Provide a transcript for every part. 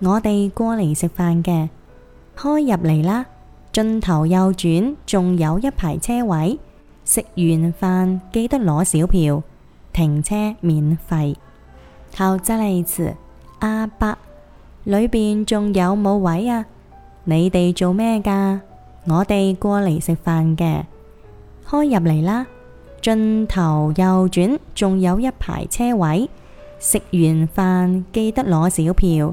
我哋過嚟食飯嘅，開入嚟啦。盡頭右轉，仲有一排車位。食完飯記得攞小票，停車免費。後製嚟字，阿伯，裏邊仲有冇位啊？你哋做咩噶？我哋過嚟食飯嘅，開入嚟啦。盡頭右轉，仲有一排車位。食完飯記得攞小票。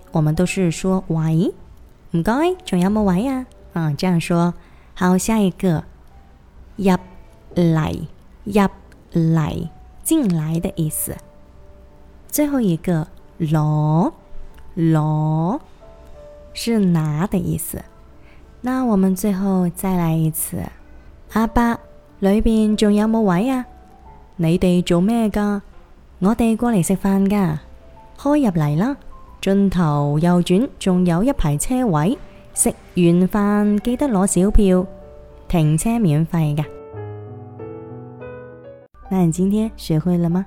我們都是說位，唔該，仲有冇位呀？啊，這樣說好。下一個“入嚟”，“入嚟”進來的意思。最後一個“攞”，“攞”是拿的意思。那我們最後再來一次，“阿伯裏邊仲有冇位呀？”“你哋做咩噶？”“我哋過嚟食飯噶，開入嚟啦。”盡頭右轉，仲有一排車位。食完飯記得攞小票，停車免費噶。那你今天學會了嗎？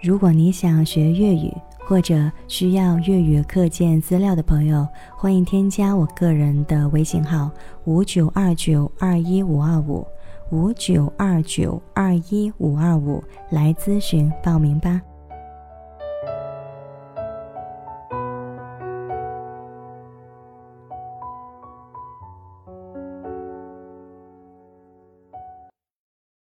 如果你想學粵語或者需要粵語課件資料的朋友，歡迎添加我個人的微信號五九二九二一五二五五九二九二一五二五來諮詢報名吧。